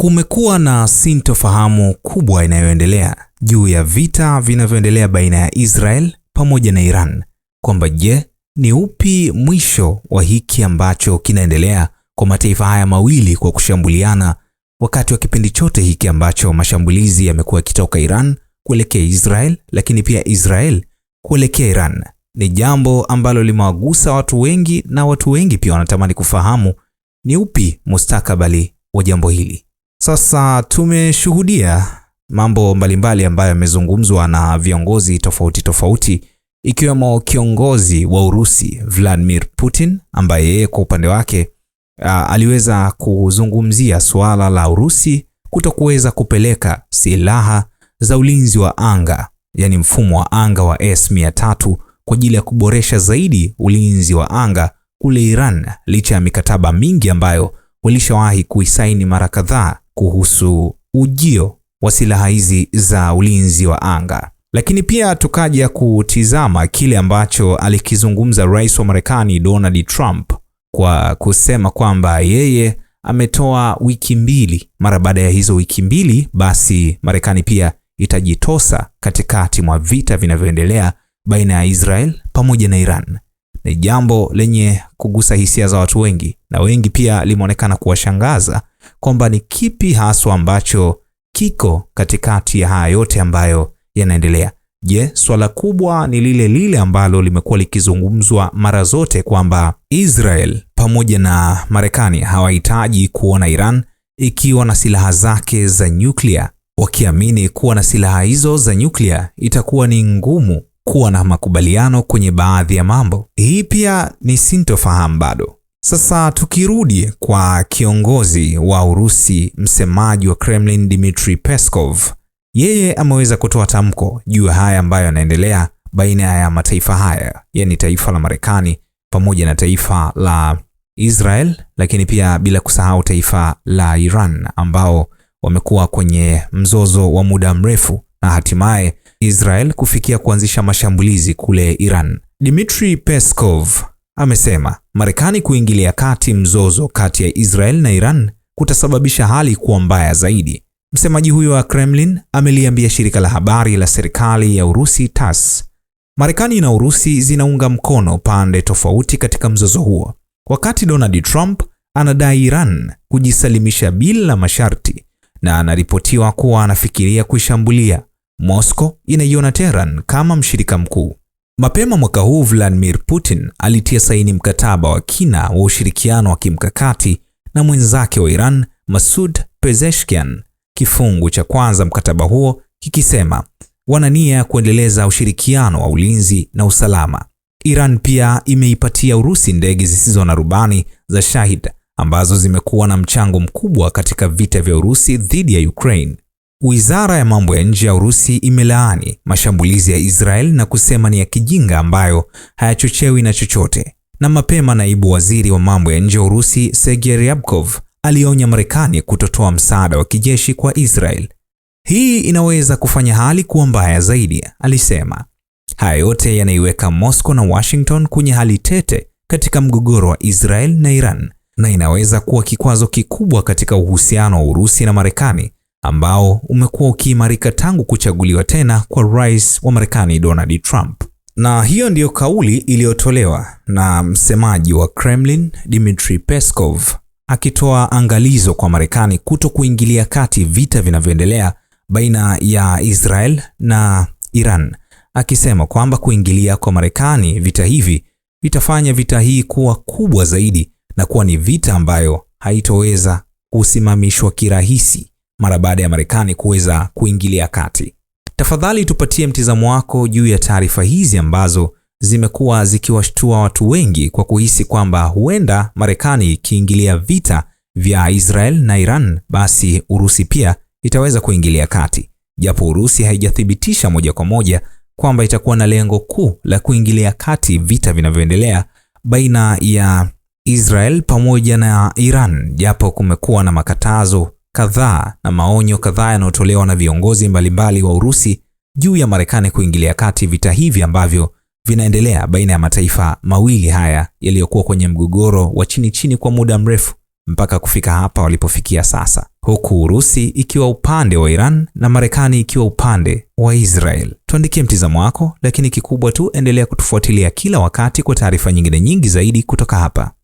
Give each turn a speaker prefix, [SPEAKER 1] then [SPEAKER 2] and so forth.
[SPEAKER 1] Kumekuwa na sintofahamu kubwa inayoendelea juu ya vita vinavyoendelea baina ya Israel pamoja na Iran kwamba je, ni upi mwisho wa hiki ambacho kinaendelea kwa mataifa haya mawili kwa kushambuliana wakati wa kipindi chote hiki ambacho mashambulizi yamekuwa yakitoka Iran kuelekea Israel, lakini pia Israel kuelekea Iran. Ni jambo ambalo limewagusa watu wengi na watu wengi pia wanatamani kufahamu ni upi mustakabali wa jambo hili. Sasa tumeshuhudia mambo mbalimbali ambayo yamezungumzwa na viongozi tofauti tofauti ikiwemo kiongozi wa Urusi Vladimir Putin ambaye yeye kwa upande wake a, aliweza kuzungumzia suala la Urusi kutokuweza kupeleka silaha za ulinzi wa anga, yani mfumo wa anga wa S-300 kwa ajili ya kuboresha zaidi ulinzi wa anga kule Iran, licha ya mikataba mingi ambayo walishawahi kuisaini mara kadhaa kuhusu ujio wa silaha hizi za ulinzi wa anga, lakini pia tukaja kutizama kile ambacho alikizungumza rais wa Marekani Donald Trump kwa kusema kwamba yeye ametoa wiki mbili. Mara baada ya hizo wiki mbili, basi Marekani pia itajitosa katikati mwa vita vinavyoendelea baina ya Israel pamoja na Iran. Ni jambo lenye kugusa hisia za watu wengi na wengi pia limeonekana kuwashangaza kwamba ni kipi haswa ambacho kiko katikati ya haya yote ambayo yanaendelea. Je, swala kubwa ni lile lile ambalo limekuwa likizungumzwa mara zote kwamba Israel pamoja na Marekani hawahitaji kuona Iran ikiwa na silaha zake za nyuklia, wakiamini kuwa na silaha hizo za nyuklia itakuwa ni ngumu kuwa na makubaliano kwenye baadhi ya mambo. Hii pia ni sintofahamu bado sasa tukirudi kwa kiongozi wa Urusi, msemaji wa Kremlin Dmitry Peskov, yeye ameweza kutoa tamko juu ya haya ambayo yanaendelea baina ya mataifa haya, yaani taifa la Marekani pamoja na taifa la Israel, lakini pia bila kusahau taifa la Iran ambao wamekuwa kwenye mzozo wa muda mrefu na hatimaye Israel kufikia kuanzisha mashambulizi kule Iran. Dmitry Peskov amesema Marekani kuingilia kati mzozo kati ya Israel na Iran kutasababisha hali kuwa mbaya zaidi. Msemaji huyo wa Kremlin ameliambia shirika la habari la serikali ya Urusi TASS. Marekani na Urusi zinaunga mkono pande tofauti katika mzozo huo. Wakati Donald Trump anadai Iran kujisalimisha bila masharti na anaripotiwa kuwa anafikiria kuishambulia, Moscow inaiona Tehran kama mshirika mkuu. Mapema mwaka huu Vladimir Putin alitia saini mkataba wa kina wa ushirikiano wa kimkakati na mwenzake wa Iran Masud Pezeshkian. Kifungu cha kwanza mkataba huo kikisema wana nia ya kuendeleza ushirikiano wa ulinzi na usalama. Iran pia imeipatia Urusi ndege zisizo na rubani za Shahid ambazo zimekuwa na mchango mkubwa katika vita vya Urusi dhidi ya Ukraine. Wizara ya mambo ya nje ya Urusi imelaani mashambulizi ya Israel na kusema ni ya kijinga ambayo hayachochewi na chochote. Na mapema naibu waziri wa mambo ya nje ya Urusi Sergei Ryabkov alionya Marekani kutotoa msaada wa kijeshi kwa Israel. Hii inaweza kufanya hali kuwa mbaya zaidi, alisema. Haya yote yanaiweka Moscow na Washington kwenye hali tete katika mgogoro wa Israel na Iran na inaweza kuwa kikwazo kikubwa katika uhusiano wa Urusi na Marekani ambao umekuwa ukiimarika tangu kuchaguliwa tena kwa rais wa Marekani Donald Trump. Na hiyo ndiyo kauli iliyotolewa na msemaji wa Kremlin Dmitry Peskov akitoa angalizo kwa Marekani kuto kuingilia kati vita vinavyoendelea baina ya Israel na Iran, akisema kwamba kuingilia kwa Marekani vita hivi vitafanya vita hii kuwa kubwa zaidi na kuwa ni vita ambayo haitoweza kusimamishwa kirahisi mara baada ya Marekani kuweza kuingilia kati. Tafadhali tupatie mtizamo wako juu ya taarifa hizi ambazo zimekuwa zikiwashtua watu wengi kwa kuhisi kwamba huenda Marekani ikiingilia vita vya Israel na Iran, basi Urusi pia itaweza kuingilia kati, japo Urusi haijathibitisha moja kwa moja kwamba itakuwa na lengo kuu la kuingilia kati vita vinavyoendelea baina ya Israel pamoja na Iran, japo kumekuwa na makatazo kadhaa na maonyo kadhaa yanayotolewa na viongozi mbalimbali wa Urusi juu ya Marekani kuingilia kati vita hivi ambavyo vinaendelea baina ya mataifa mawili haya yaliyokuwa kwenye mgogoro wa chini chini kwa muda mrefu mpaka kufika hapa walipofikia sasa, huku Urusi ikiwa upande wa Iran na Marekani ikiwa upande wa Israel. Tuandikie mtizamo wako, lakini kikubwa tu endelea kutufuatilia kila wakati kwa taarifa nyingine nyingi zaidi kutoka hapa